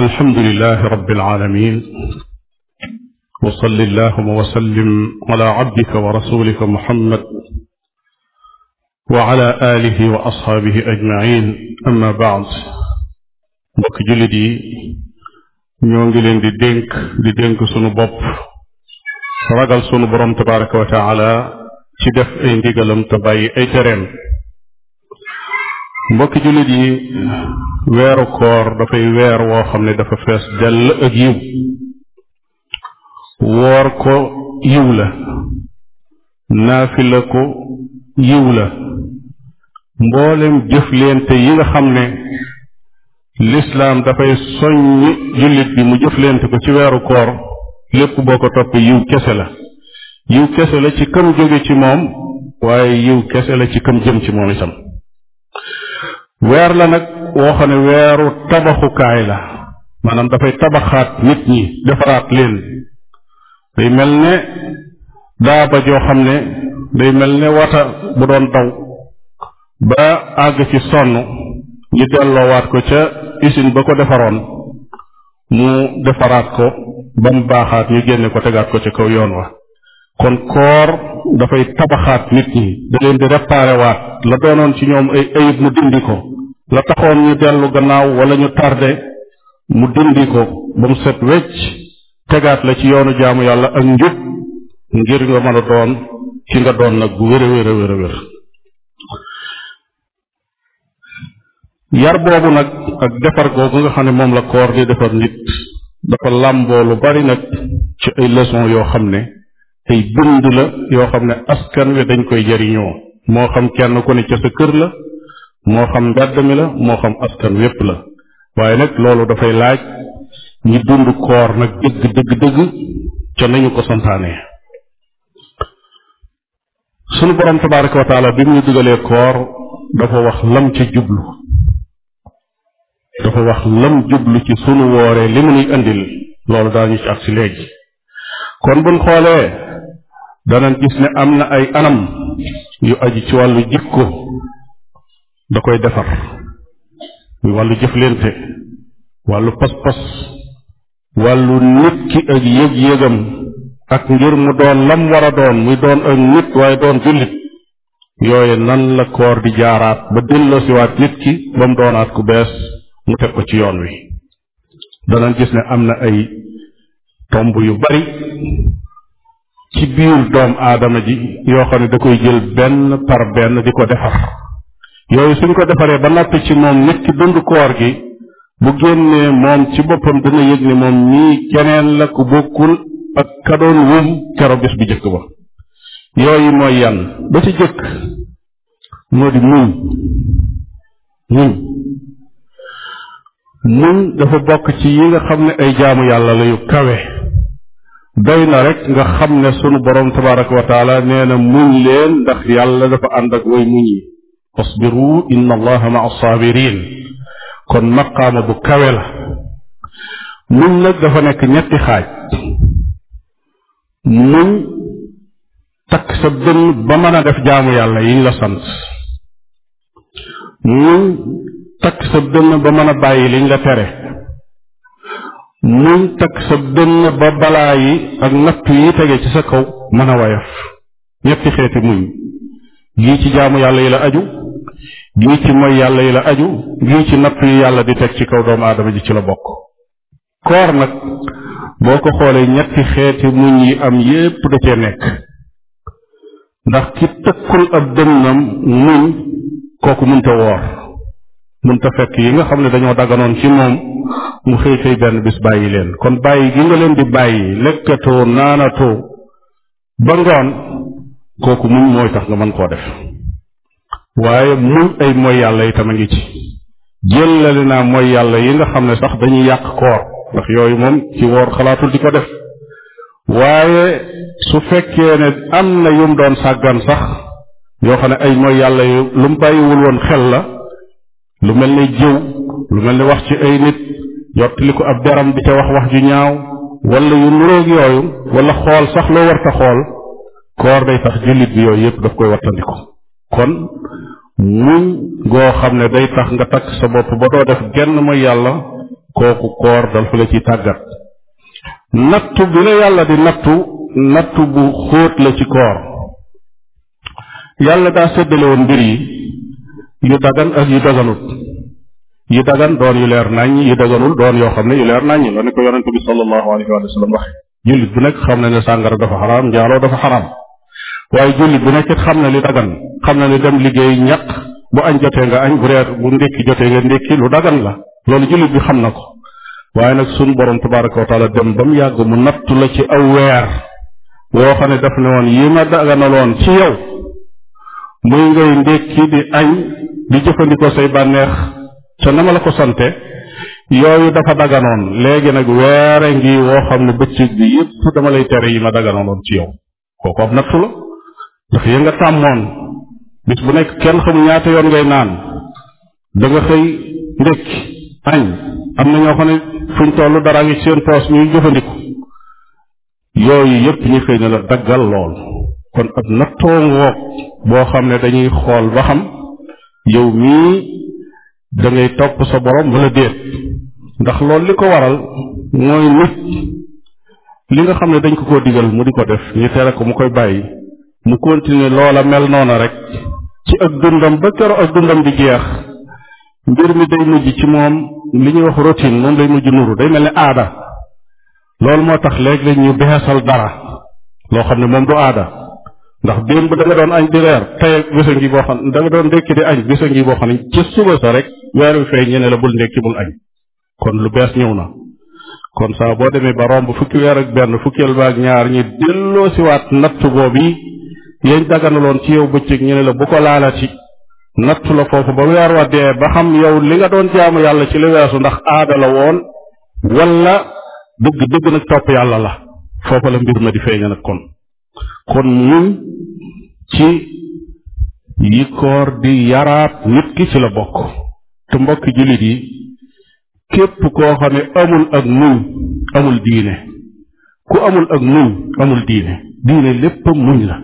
alhamdulilah rabbil aalamiin wa salli allaahumma wa sallim alaa abdika wa rasuulika Muhammad wa alaa aalihi wa asxaabihi ajmaciin amma baad mbokk jullit yi ñoo ngi leen di dénk di dénk sunu bopp ragal sunu boroom tabaaraka wa taala ci def ay ndigalam te bàyyi ay tereem mbokki jullit yi weeru koor dafay weer woo xam ne dafa fees dell ak yiw woor ko yiw la naafila ko yiw la mboolem jëflente yi nga xam ne lislaam dafay soññ jullit bi mu jëflente ko ci weeru koor lépp boo ko topp yiw kese la yiw kese la ci kam jóge ci moom waaye yiw kese la ci kam jëm ci moom itam weer la nag woo xam ne weeru tabaxukaay la maanaam dafay tabaxaat nit ñi defaraat leen day mel ne daaba joo xam ne day mel ne wata bu doon daw ba àgg ci sonn ñu delloowaat ko ca usine ba ko defaroon mu defaraat ko ba mu baaxaat ñu génne ko tegaat ko ca kaw yoon wa kon koor dafay tabaxaat nit ñi daleen di réparé waat la doonoon ci ñoom ay ayib mu dindi ko la taxoon ñu dellu gannaaw wala ñu tardé mu dindi ko ba mu set wecc tegaat la ci yoonu jaamu yàlla ak njub ngir nga mën a doon ci nga doon nag bu wér a wér a wér yar boobu nag ak defar googu nga xam ne moom la koor di defar nit dafa làmboo lu bari nag ci ay leçon yoo xam ne ay bind la yoo xam ne askan wi dañ koy jariñoo moo xam kenn ku ne ca sa kër la moo xam mbedd mi la moo xam askan yépp la waaye nag loolu dafay laaj ñi dund koor nag dëgg dëgg dëgg ca nañu ko santaane sunu borom tabaraka wa taala bi mu ñu koor dafa wax lam ci jublu dafa wax lam jublu ci sunu wooree li mu nuy indil loolu daañu ci léegi kon buñ xoolee danañ gis ne am na ay anam yu aji ci wàllu jikko da koy defar muy wàllu jëflente wàllu pas-pas wàllu nit ki ak yëg-yëgam ak ngir mu doon lam war muy doon ak nit waaye doon jullit yooye nan la koor di jaaraat ba delloosiwaat nit ki ba mu doonaat ku bees mu teg ko ci yoon wi danañ gis ne am na ay tomb yu bari ci biir doom aadama ji yoo xam ne da koy jël benn par benn di ko defar yooyu suñ ko defaree ba noppi ci moom nit ki dund koor gi bu génnee moom ci boppam dana yëg ne moom nii keneen la ku bokkul ak ka doon kero bis bu jëkk ba yooyu mooy yan ba ci jëkk moo di muñ muñ muñ dafa bokk ci yi nga xam ne ay jaamu yàlla la kawe doy na rek nga xam ne sunu borom tabaraka wa nee na muñ leen ndax yàlla dafa ànd ak way muñ yi wasbiru inna allaha maa sabirin kon maqaama bu kawe la muñ nag dafa nekk ñetti xaaj muñ takk sa dënn ba mën a def jaamu yàlla yi ñu la sant muñ takk sa dënn ba mën a bàyyi liñ la tere muñ takk sa dënn ba balaa yi ak nattu yi tege ci sa kaw mën a wayaf ñetti xeeti muñ gii ci jaamu yàlla yi la aju gii ci moy yàlla yi la aju gii ci natt yi yàlla di teg ci kaw doomu aadama ji ci la bokk koor nag boo ko xoolee ñetti xeeti muñ yi am yépp da cee nekk ndax ki tëkkul ab dënnam muñ kooku munta woor munta fekk yi nga xam ne dañoo daganoon ci moom mu xëy xëy benn bis bàyyi leen kon bàyyi gi nga leen di bàyyi lekkatoo naanatoo ba ngoon kooku muñ mooy tax nga man koo def waaye muñ ay mooy yàlla yi tam a ngi ci jëllale naa mooy yàlla yi nga xam ne sax dañuy yàq koor ndax yooyu moom ci woor xalaatul di ko def waaye su fekkee ne am na yum doon sàggan sax yoo xam ne ay mooy yàlla yu lu mu bàyyiwul woon xel la lu mel ni jëw lu mel ni wax ci ay nit jottali ko ab deram di ca wax wax ju ñaaw wala yu nuróog yooyu wala xool sax loo war xool koor day tax jullit bi yooyu yëpp daf koy wattandiku kon muñ goo xam ne day tax nga takk sa bopp ba doo def genn mooy yàlla kooku koor dal fa la ci tàggat nattu bi la yàlla di nattu nattu bu xóot la ci koor yàlla daa séddale woon mbir yi yu dagan ak yu daganut yu dagan doon yu leer naññ yu daganul doon yoo xam ne yu leer naññ la ne ko yonent bi sallallahu alayhi wa sallam waxe jullit bu nekk xam ne ne sàngara dafa xaraam njaaloo dafa xaraam waaye jullit bu nekk xam na li dagan xam na li dem liggéey ñaq bu añ jotee nga añ bu reer bu ndékki jotee nga ndékki lu dagan la loolu jullit bi xam na ko waaye nag sunu borom tabaraka wa taala dem ba mu yàgg mu nattu la ci aw weer woo xam ne daf ne woon yi ma daganaloon ci yow muy ngay ndékki di añ di jëfandikoo say bànneex te na la ko sante yooyu dafa daganoon léegi nag weere ngi woo xam ne bëccëg bi yépp dama lay tere yi ma daganaloon ci yow ndax ya nga tàmmoon bis bu nekk kenn xamul ñaata yoon ngay naan da nga xëy ndekki añ am na ñoo xam ne fuñ toll dara ngi seen poos ñuy jëfandiku yooyu yépp ñu xëy na la daggal lool kon ab nattoo ngoog boo xam ne dañuy xool ba xam yow mii dangay ngay topp sa borom wala déet ndax loolu li ko waral mooy nit li nga xam ne dañ ko ko digal mu di ko def ñu tere ko mu koy bàyyi mu continuer loola mel noona rek ci ak dundam ba kero ak dundam di jeex mbir mi day mujj ci moom li ñuy wax routine moom day mujj nuru day mel ni aada loolu moo tax léeg-léeg ñu beesal dara loo xam ne moom du aada ndax démb da nga doon añ di reer tey bisa ngi boo xam da nga doon ndekki di añ bisa ngi boo ne rek la bul ndekki bul añ kon lu bees ñëw na kon saa boo demee ba romb fukki weer ak benn fukkeel ba ak ñaar ñi delloo siwaat natt boobu yañ daganaloon ci yow bëccëg ñu ne la bu ko laalati nattu la foofu ba weer wa dee ba xam yow li nga doon jaamu yàlla ci li weesu ndax aadala woon wala dëgg dëgg nag topp yàlla la foofa la mbir ma di feeña nag kon kon muñ ci yi di yaraat nit ki ci la bokk te mbokki jullit yi képp koo xam ne amul ak muñ amul diine ku amul ak muñ amul diine diine lépp muñ la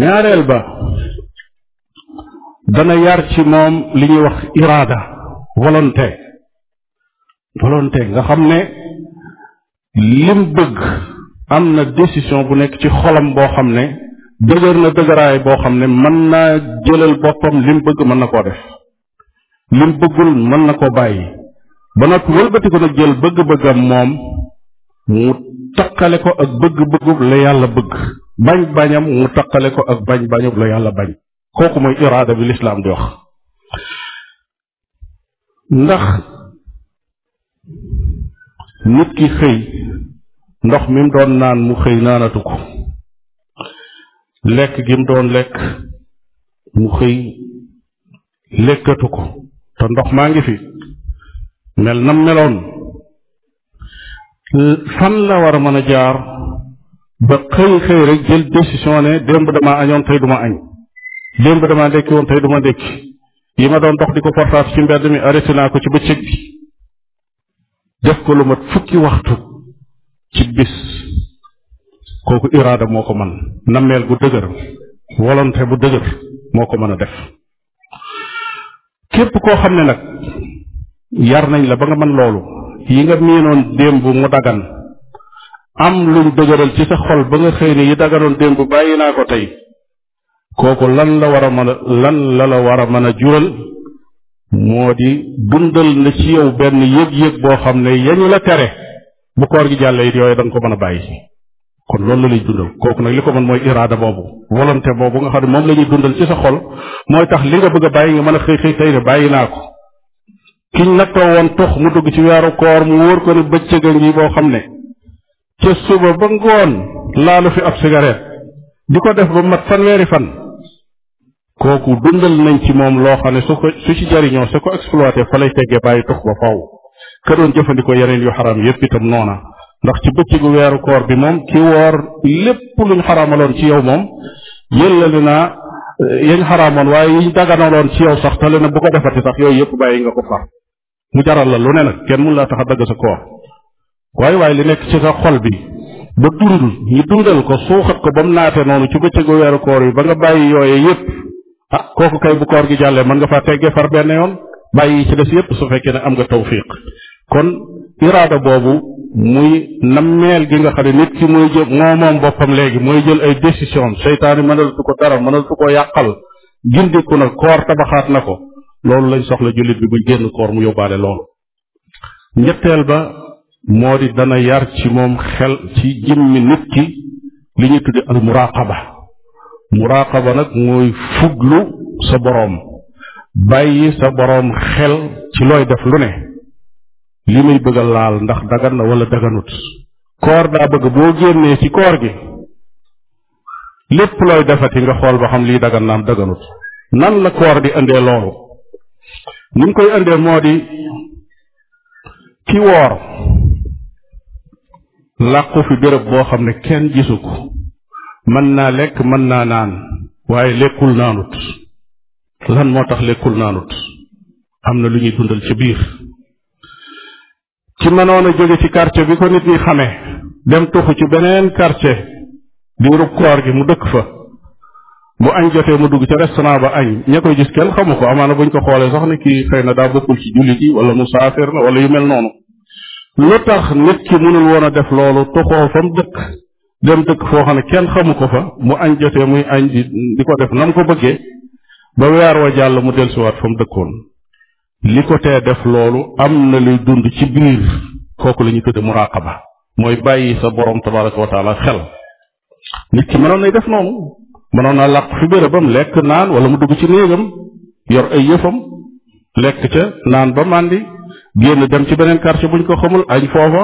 ñaareel ba dana yar ci moom li ñuy wax iraada volonté volonté nga xam ne lim bëgg am na décision bu nekk ci xolam boo xam ne dëgër na dëgëraay boo xam ne mën naa jëlal boppam lim bëgg mën na koo def lim bëggul mën na koo bàyyi ba noppi wëlbati ko nag jël bëgg-bëggam moom mu takkale ko ak bëgg-bëggub la yàlla bëgg bañ-bañam mu taqale ko ak bañ-bañam la yàlla bañ kooku mooy iraada bi lislaam di wax ndax nit ki xëy ndox mi mu doon naan mu xëy naanatu ko lekk gi mu doon lekk mu xëy lekkatu ko te ndox maa ngi fi mel nam meloon fan la war a mën a jaar ba xëy xëy rek jël décision ne démb damaa añoon tey duma añ démb damaa ndekki woon tey duma ndekki yi ma doon dox di ko forfaat ci ko ci bëccëg ko lu mat fukki bis kooku iraada moo ko mën nammeel gu dëgër volonté bu dëgër moo ko mën a def képp koo xam ne nag yar nañ la ba nga man loolu yi nga miinoon démb mu dagan am luñ dëgëral ci sa xol ba nga xëy ne yi daganoon démb bàyyi naa ko tey kooku lan la war a mën a lan la war a mën a jural moo di dundal na ci yow benn yëg-yëg boo xam ne yañu la tere bu koor gi jàlle it yooyu da ko mën a bàyyi kon loolu la lay dundal kooku nag li ko mën mooy iraada boobu volonté boobu nga xam ne moom la ñuy dundal ci sa xol mooy tax li nga bëgg a bàyyi nga mën a xëy xëy tey ne bàyyi naa ko kiñ nattoo woon tux mu dugg ci weeru koor mu wóor ko ne bëccëg a xam ne ca suba ba ngoon laalu fi ab cigarette di ko def ba mat fanweeri fan kooku dundal nañ ci moom loo xam ne su ko su ci jariñoo su ko exploité fa lay teggee bàyyi tux ba faw ka jëfandikoo yeneen yu xaram yépp itam noona ndax ci bëccëgu weeru koor bi moom ki woor lépp luñ xaraamaloon ci yow moom yëllale naa eh, yañ xaraamoon waaye yiñ daganaloon ci yow sax tale na bu ko defati sax yooyu yépp bàyyi nga ko far mu jaral la lu ne nag kenn mun laa tax a waaye waay li nekk ci sa xol bi ba dund ñu dundal ko suuxat ko ba mu naate noonu ci bëccëgu weeru koor yi ba nga bàyyi yooye yépp ah kooku kay bu koor gi jàllee mën nga faa teggee far benn yoon bàyyi ci des yépp su fekkee ne am nga tawfiq kon iraada boobu muy nammeel gi nga xam ne nit ki muy jël moo moom boppam léegi mooy jël ay décision seytaane mënalatu ko dara mënalatu ko yàqal gindiku na koor tabaxaat na ko loolu lañ soxla jullit bi buñ génn koor mu yóbbaale loolu moo di dana yar ci moom xel ci jëmmi nit ki li ñu tudde al muraqaba muraqaba nag mooy fuglu sa boroom bàyyi sa boroom xel ci looy def lu ne li muy bëgg a laal ndax dagan na wala daganut koor daa bëgg boo génnee ci koor gi lépp looy defati nga xool ba xam lii dagan naam daganut nan la koor di indee loolu ni mu koy indee moo di ki woor làqu fi béréb boo xam ne kenn gisu ko mën naa lekk mën naa naan waaye lekkul naanut lan moo tax lekkul naanut am na lu ñuy dundal ca biir ci mënoon a jóge ci quartier bi ko nit ñi xamee dem tuxu ci beneen quartier diiru koor gi mu dëkk fa bu añ jotee mu dugg ca restaurant ba añ ña koy gis kenn xamu ko amaana buñ ko xoolee sax ne kii xëy na daa bokkul ci jullit yi wala musaafir na wala yu mel noonu lu tax nit ki mënul woon a def loolu toxoo fa mu dëkk dem dëkk foo xam ne kenn xamu ko fa mu añ jotee muy añ di di ko def nam ko bëggee ba weer wa jàll mu dellusiwaat fa mu dëkkoon li ko tee def loolu am na lu dund ci biir kooku la ñu tudde muraqaba mooy bàyyi sa boroom tabaraka wa xel nit ki mënoon nay def noonu mënoon naa làq fi bérébam lekk naan wala mu dugg ci néegam yor ay yëfam lekk ca naan ba màndi génn dem ci beneen bu ñu ko xamul añ foofa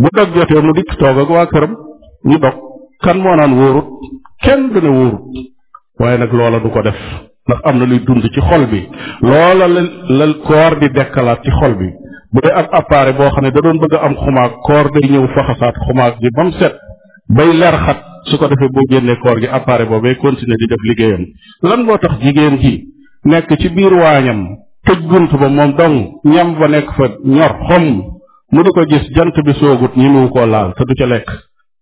bu dog jotee mu dikk toog waa këram ñu dog kan moo naan wóorut kenn gën a wóorut waaye nag loola du ko def ndax am na luy dund ci xol bi loola la la koor di dekkalaat ci xol bi bu dee ab appareil boo xam ne da doon bëgg a am xumaag koor day ñëw faxasaat xumaag bi ba mu set bay leer su ko defee boo génnee koor gi appareil boobee continuer di def liggéeyam lan moo tax jigéen ji nekk ci biir waañam tëj bunt ba moom dong ñam ba nekk fa ñor xomm mu di ko gis jant bi soogut ñi mu koo laal te du ca lekk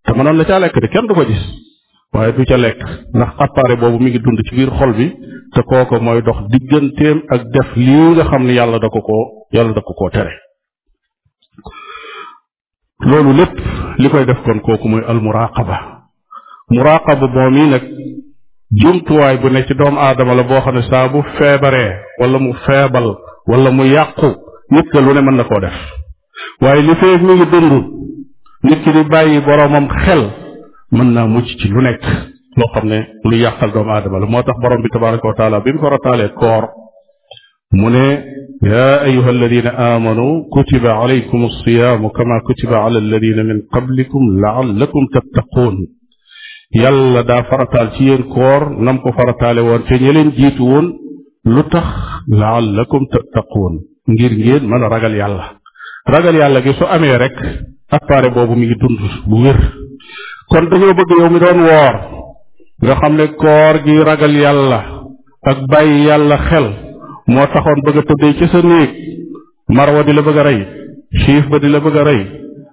te mënoon la caa lekk de kenn du ko gis waaye du ca lekk ndax appareil boobu mi ngi dund ci biir xol bi te kooko mooy dox digganteem ak def lii nga xam ne yàlla da ko koo yàlla da ko koo tere loolu lépp li koy def kon kooku mooy almuraqaba muraqaba moom yi nag jumtuwaay bu ne ci doomu aadama la boo xam ne saa bu feebaree wala mu feebal wala mu yàqu nit ka lu ne mën na koo def waaye li feeg mi ngi dund nit ki di bàyyi boroomam xel mën naa mucc ci lu nekk loo xam ne lu yàqal doomu aadama la moo tax borom bi tabaraka wa taala bi mu ko rataalee koor mu ne yaa ayuha alladina aamanu kutiba alaykum alsiyaamu kama kutiba ala alladina min qablikum laallakum tattaquun yàlla daa farataal ci yéen koor nam ko farataale woon te ñi leen jiitu woon lu tax laallakum tattaquun ngir ngeen mën a ragal yàlla ragal yàlla gi su amee rek appareil boobu mi ngi dund bu wér kon dañoo bëgg yow mi doon woor nga xam ne koor gi ragal yàlla ak bàyyi yàlla xel moo taxoon bëgg a tëddee ci sa néeg marwa di la bëgg a rey xiif ba di la bëgg a rey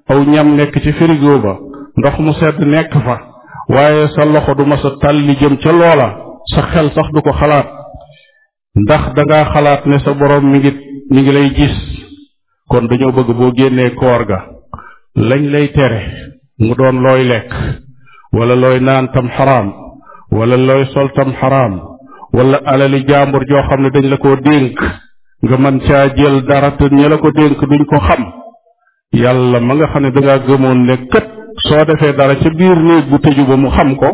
aw ñam nekk ci frigo ba ndox mu sedd nekk fa waaye sa loxo du mas a tàlli jëm ca loola sa xel sax du ko xalaat ndax danga xalaat ne sa boroom mi ngi mi ngi lay gis kon dañoo bëgg boo génnee koor ga lañ lay tere mu doon looy lekk wala looy naan tam xaraam wala looy sol tam xaraam wala alali jaambur joo xam ne dañ la ko dénk nga mën caa jël dara te la ko dénk duñ ko xam yàlla ma nga xam ne dangaa gëmoon ne kët soo defee dara ca biir néeg bu tëju ba mu xam ko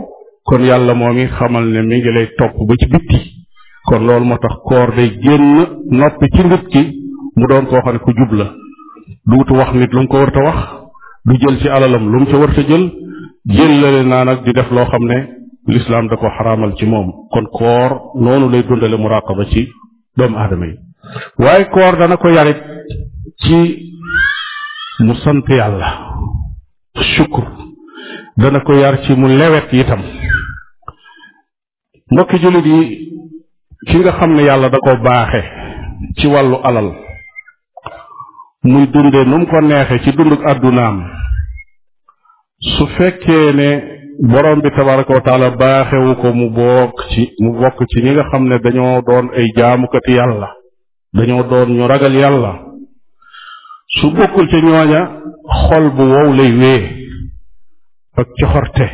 kon yàlla moo mi xamal ne mi ngi lay topp ba ci bitti kon loolu moo tax koor day génn noppi ci nit ki mu doon koo xam ne ku jub la duutu wax nit lu mu ko war a wax du jël ci alalam lu mu ca war jël jëllale naa nag di def loo xam ne lislaam da ko xaraamal ci moom kon koor noonu lay dundale muraqaba ci doomu aadama yi waaye koor dana ko yarit ci mu sant yàlla sukkur dana ko yar ci mu lewet itam mbokki jullit yi ki nga xam ne yàlla da ko baaxe ci wàllu alal muy dunde nu mu ko neexe ci dunduk àddunaam su fekkee ne borom bi tabaraka wa taala baaxewu ko mu mu bokk ci ñi nga xam ne dañoo doon ay jaamukati yàlla dañoo doon ñu ragal yàlla su bokkul ca ñooña xol bu wow lay wee ak coxorte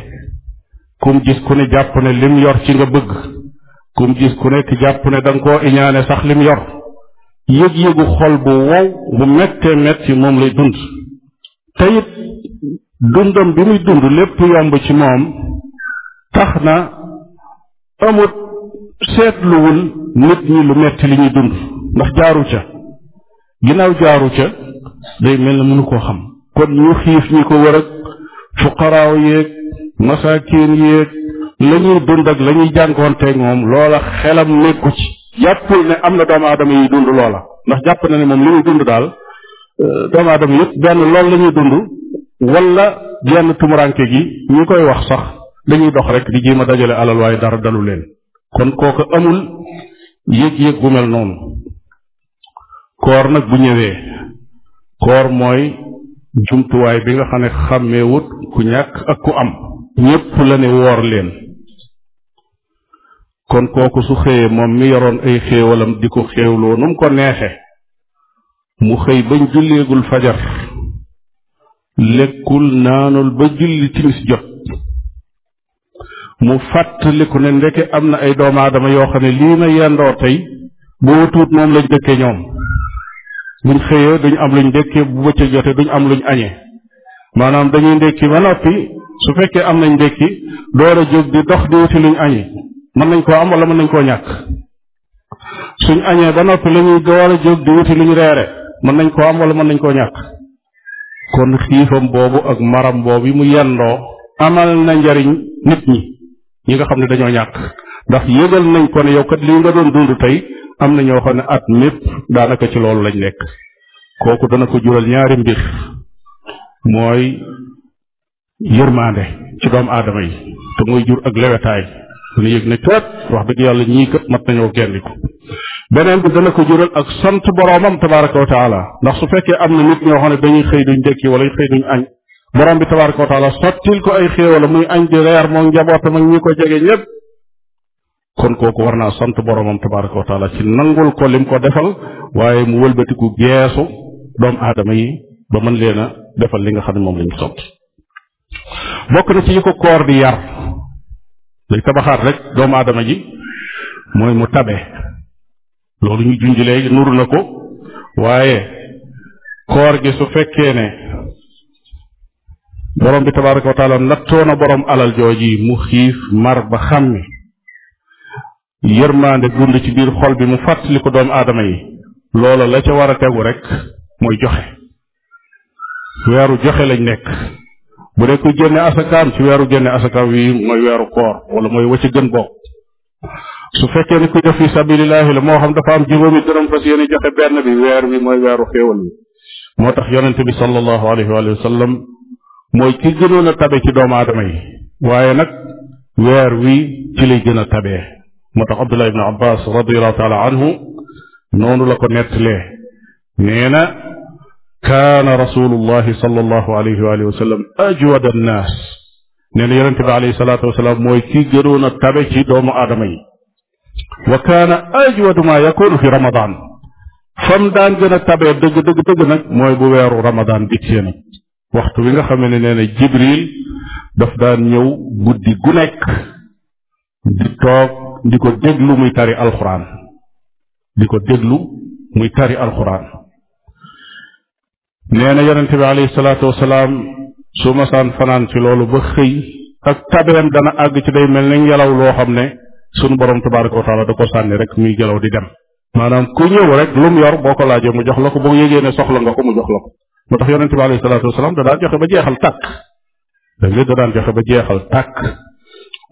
kum gis ku ne jàpp ne lim yor ci nga bëgg kum gis ku nekk jàpp ne da koo iñaane sax lim yor yëg-yëgu xol bu wow bu mettee metti moom lay dund te it dundam bi muy dund lépp yomb ci moom tax na amut seetluwul nit ñi lu metti li ñuy dund ndax jaaru ca ginnaaw jaaru ca day mel ne mënu koo xam kon ñu xiif ñi ko wër ak fuqaraaw yeeg masaakiin yeeg la ñuy dund ak la ñuy jànkoonteeg moom loola xelam ko ci am na doomu aadama dund loola ndax jàpp na ne moom li muy dund daal euh, doomu aadama yëpp benn loolu la ñuy dund wala benn tumuranke gi ñi koy wax sax dañuy dox rek di jéem a dajale alal waaye dara dalu leen kon kooku amul yëg-yëg bu mel noonu koor nag bu ñëwee koor mooy jumtuwaay bi nga xam ne xàmmeewut ku ñàkk ak ku am ñépp la ne woor leen kon kooku su xëyee moom mi yoroon ay xéewalam di ko xéewloo nu ko neexe mu xëy bañ julleegul fajar lekkul naanul ba julli timis jot mu fàttaliku ne ndeke am na ay doomu aadama yoo xam ne lii ma yendoo tey boo tuut moom lañ dëkke ñoom buñ xëyee duñ am luñ ndékkee bu bëccëg jotee duñ am luñ añee maanaam dañuy ndékki ba noppi su fekkee am nañ ndékki door a jóg di dox di wuti luñ añee mën nañ koo am wala mën nañ koo ñàkk suñ añee ba noppi la ñuy door a jóg di wuti luñ reere mën nañ koo am wala mën nañ koo ñàkk kon xiifam boobu ak maram boobu yi mu yendoo amal na njariñ nit ñi ñi nga xam ne dañoo ñàkk ndax yëgal nañ ko ne yow kat li nga doon dund tey am na ñoo xam ne at mépp daanaka ci loolu lañ nekk kooku dana ko jural ñaari mbir mooy yërmaande ci doomu aadama yi te muy jur ak lewetaay dana yëg ne toot wax dëgg yàlla ñii kat mat nañoo gendiku beneen bi dana ko jural ak sant boroomam tabaraka wa taala ndax su fekkee am na nit ñoo xam ne dañuy xëy duñ dekki wala xëy duñ añ borom bi tabaraka wa taala sottil ko ay xéewala muy añ di reer moom njabootam ak ñi ko jege ñëpp kon kooku war naa sant boromam tabaraka wa taala ci nangul ko lim ko defal waaye mu wëlbatiku geesu doomu aadama yi ba mën leen a defal li nga xam ne moom lañu sant bokk na ci yi ko koor di yar day tabaxaat rek doomu aadama ji mooy mu tabe loolu ñu junj nuru na ko waaye koor gi su fekkee ne borom bi tabaraka wa na borom alal jooji mu xiif mar ba xàmmi yërmaande dund ci biir xol bi mu li ko doomu aadama yi loola la ca war a tegu rek mooy joxe weeru joxe lañ nekk bu dee kuy génne asakaam ci weeru génne asakaam wi mooy weeru koor wala mooy wacc gën bokk su fekkee ni ku def fi sabilillahi la moo xam dafa am juróomi dërëm fas joxe benn bi weer wi mooy weeru xéewal wi moo tax yonente bi sallallahu alayhi wa sallam mooy ki gënoon a tabe ci doomu aadama yi waaye nag weer wi ci lay gën a tabee moo tax abdullah ibn abbas radiallahu taala anhu noonu la ko nettalee nee na kaana rasulullahi sallallahu alayhi wa alihi wa sallam ajwad annaas nee na yonente bi alayhi salaatu wasalaam mooy ki gënoon a tabe ci doomu aadama yi wa kaana ajwadu ma yakunu fi ramadan fam daan gën a tabee dëgg dëgg dëgg nag mooy bu weeru ramadan dikkee nag waxtu wi nga xamee ne nee na jibril daf daan ñëw guddi gu nekk di toog di ko déglu muy tari alxuraan di ko déglu muy tari alxuraan nee na yonente bi alayhi salaatu wasalaam su masaan fanaan ci loolu ba xëy ak tabeem dana àgg ci day mel ni ngelaw loo xam ne sunu borom tabaraka wa taala da ko sànni rek muy ngelaw di dem maanaam ku ñëw rek lu mu yor boo ko laajee mu jox la ko boo yégee ne soxla nga ko mu jox la ko moo tax yonente bi alayhi salaatu wasalaam da joxe ba jeexal tàkk da nga da daan joxe ba jeexal tàkk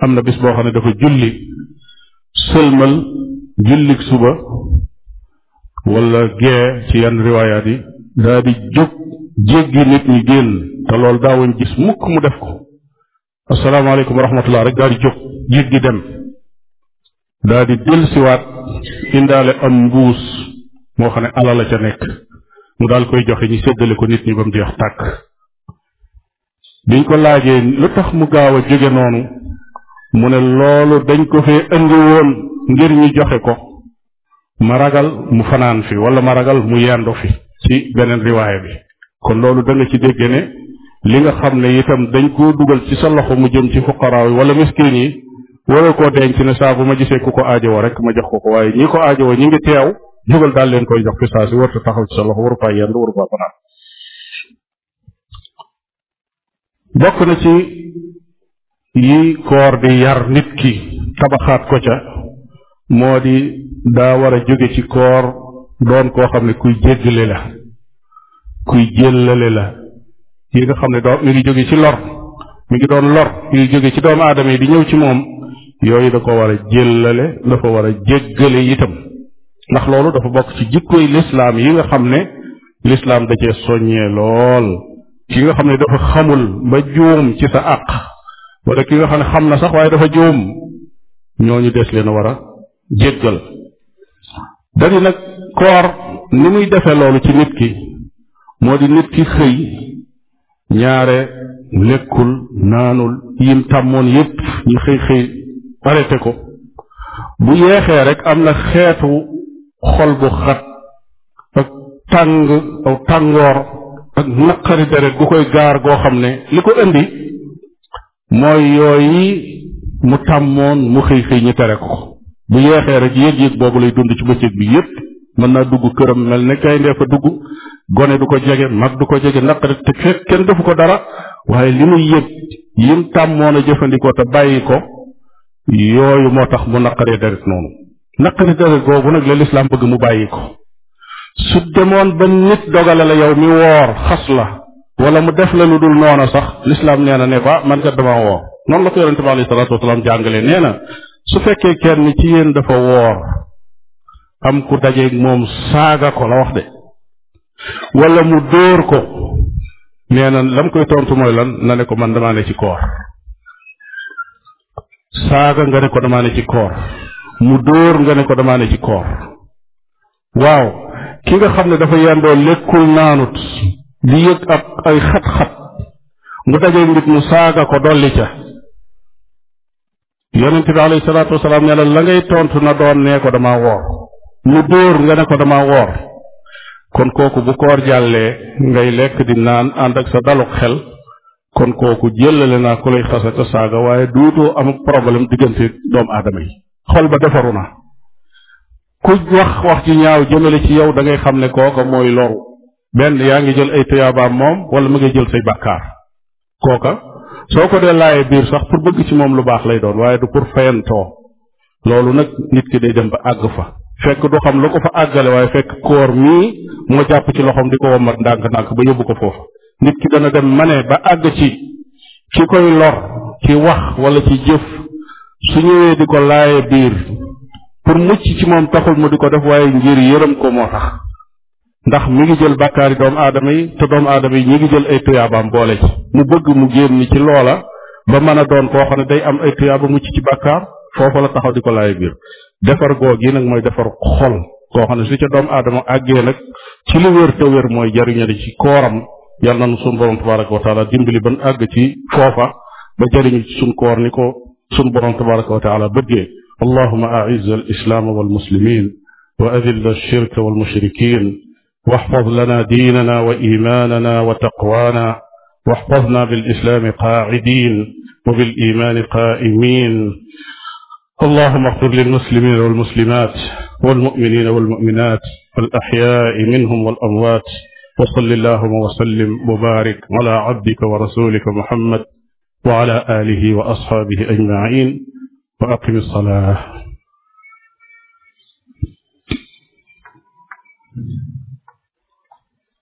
am na boo xam ne dafa julli sëlmal jullik suba wala gee ci yenn riwaayaat yi daa di jóg jéggi nit ñi génn te loolu daawuñ gis mukk mu def ko asalaamaaleykum wa rahmatullah rek daal di jóg jéggi dem daa di dellusiwaat indaale am mbuus moo xam ne alal la ca nekk mu daal koy joxe ñu séddale ko nit ñi ba mu jeex tàkk biñ ko laajee lu tax mu gaaw a jóge noonu mu ne loolu dañ ko fee indi woon ngir ñu joxe ko ma ragal mu fanaan fi wala ma ragal mu yendo fi ci beneen riwaaya bi kon loolu da ci dégge ne li nga xam ne itam dañ koo dugal ci sa loxo mu jëm ci fuqaraaw yi wala miskin yi waroo koo denc ne saa bu ma gisee ku ko aajo aajowoo rek ma jox ko ko waaye ñii ko aajowoo ñi ngi teew jógal daal leen koy jox fi saa si warta taxaw ci sa loxo waru faa yendu waru faa fanaan bokk na ci yi koor di yar nit ki tabaxaat ko ca moo di daa war a jóge ci koor doon koo xam ne kuy jéggale la kuy jéllale la yi nga xam ne doo mi ngi jóge ci lor mu ngi doon lor mi jóge ci doomu aadama yi di ñëw ci moom yooyu da ko war a jéllale dafa war a jéggale itam ndax loolu dafa bokk ci jikkoy lislaam yi nga xam ne lislaam da cee soññee lool ki nga xam ne dafa xamul ba juum ci sa àq wala ki nga xam ne xam na sax waaye dafa juum ñooñu des leen a jéggal dani nag koor ni muy defee loolu ci nit ki moo di nit ki xëy ñaare lekkul naanul yim tàmmoon yépp ñu xëy xëy arrêté ko bu yeexee rek am na xeetu xol bu xat ak tàng aw tàngoor ak naqari deret gu koy gaar goo xam ne li ko indi mooy yooyu mu tàmmoon mu xëy xëy ñu tere ko bu yeexee rek yëg-yëg boobu lay dund ci bëccëg bi yépp mën naa dugg këram mel ne kay ndee fa dugg gone du ko jege mag du ko jege naqari te fekk kenn defu ko dara waaye li muy yëg yim tàmmoon a jëfandikoo te bàyyi ko yooyu moo tax mu naqaree deret noonu naqari deret boobu nag la lislaam bëgg mu bàyyi ko su demoon ba nit dogale la yow mi woor xas la wala mu def la lu dul noona sax lislaam nee na ne ba ah, man kat dama woor noonu la ko yonente bi alayhi salaatu wasalaam jàngale nee su fekkee kenn ci yéen dafa woor am ku dajeeg moom saaga ko la wax de wala mu dóor ko nee lam koy tontu mooy lan na ne ko man damaa ne ci koor saaga nga ne ko damaa ne ci koor mu dóor nga ne ko damaa ne ci koor waaw ki nga xam ne dafa yendoo lekkul naanut di yëg ak ay xat-xat mu dajee nit mu saaga ko dolli ca yonente bi alayhi salaatu wasalaam ne la ngay tontu na doon nee ko dama woor mu dóor nga ne ko dama woor kon kooku bu koor jàllee ngay lekk di naan ànd ak sa daluk xel kon kooku jëlale naa ku xasa ca saaga waaye duutoo am problème diggante doomu aadama yi xol ba defaru na ku wax wax ci ñaaw jëmale ci yow da ngay xam ne kooka mooy loru benn yaa ngi jël ay tuyaabaam moom wala ma jël say bàkkaar kooka soo ko dee laaye biir sax pour bëgg ci moom lu baax lay doon waaye du pour fayantoo loolu nag nit ki day dem ba àgg fa fekk du xam lu ko fa àggale waaye fekk koor mii moo jàpp ci loxoom di ko womat ndànk-ndànk ba yóbbu ko foofu nit ki dana dem mane ba àgg ci ci koy lor ci wax wala ci jëf su ñëwee di ko laaye biir pour mucc ci moom taxul mu di ko def waaye ngir yërëm ko mo ndax mi ngi jël bàkkaari doomu aadama yi te doomu aadama yi ñu ngi jël ay tuyaabaam boole ci mu bëgg mu génn ci loola ba mën a doon koo xam ne day am ay tuyaaba mucc ci bàkkaar foofu la taxaw di ko laay biir defar goo gi nag mooy defar xol koo xam ne su ca doomu aadama àggee nag ci lu wér te wér mooy jariñu ci kooram yal na nu sunu borom tabaraka wa taala dimbali ban àgg ci foofa ba jariñu ci koor ni ko sunu borom tabaraka wa taala bëggee allahuma aiz al islaama wal muslimin wa adilla shirka واحفظ لنا ديننا وإيماننا وتقوانا واحفظنا بالإسلام قاعدين وبالإيمان قائمين اللهم اغفر للمسلمين والمسلمات والمؤمنين والمؤمنات الأحياء منهم والأموات وصل اللهم وسلم وبارك على عبدك ورسولك محمد وعلى آله وأصحابه أجمعين وأقم الصلاة